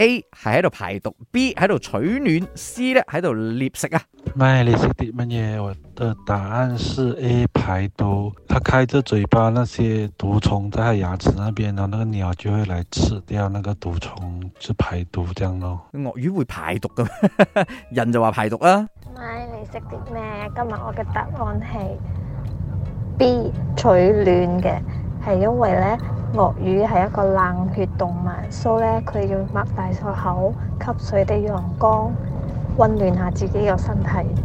A 係喺度排毒，B 喺度取暖，C 咧喺度獵食啊！咪你識啲乜嘢？我嘅答案係 A 排毒，它開着嘴巴，那些毒蟲在牙齒那邊，然後那個鳥就會來吃掉那個毒蟲，去排毒，這樣咯。鱷魚會排毒噶， 人就話排毒啊。咪你識啲咩？Man. 今日我嘅答案係 B 取暖嘅，係因為咧。鱷魚係一個冷血動物，所以咧佢要擘大個口吸水的陽光，溫暖下自己個身體。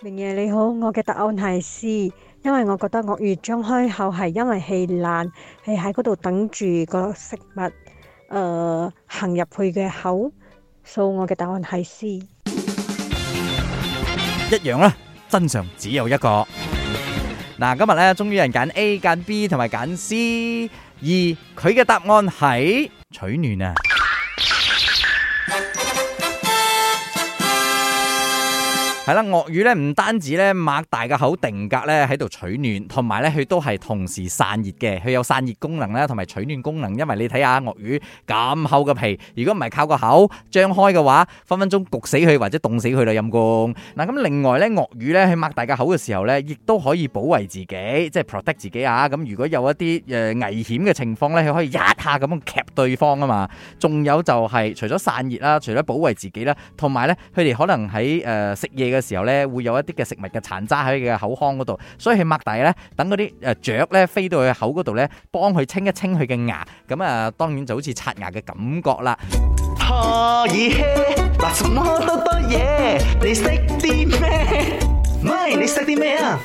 明爺你好，我嘅答案係 C，因為我覺得鱷魚張開口係因為氣爛，係喺嗰度等住個食物，誒行入去嘅口，所以我嘅答案係 C。一樣啦，真相只有一個。嗱，今日咧終於有人揀 A 揀 B 同埋揀 C。而佢嘅答案係取暖啊。係啦，鱷魚咧唔單止咧擘大個口定格咧喺度取暖，同埋咧佢都係同時散熱嘅，佢有散熱功能啦，同埋取暖功能。因為你睇下鱷魚咁厚嘅皮，如果唔係靠個口張開嘅話，分分鐘焗死佢或者凍死佢啦陰公。嗱，咁另外咧，鱷魚咧去擘大個口嘅時候咧，亦都可以保衛自己，即係 protect 自己啊。咁如果有一啲誒危險嘅情況咧，佢可以一下咁樣夾對方啊嘛。仲有就係除咗散熱啦，除咗保衛自己啦，同埋咧佢哋可能喺誒、呃、食嘢。嘅時候咧，會有一啲嘅食物嘅殘渣喺佢嘅口腔嗰度，所以佢擘大咧，等嗰啲誒雀咧飛到佢嘅口嗰度咧，幫佢清一清佢嘅牙，咁啊，當然就好似刷牙嘅感覺啦。可以，嗱，什麼多多嘢，你識啲咩？唔係，你識啲咩啊？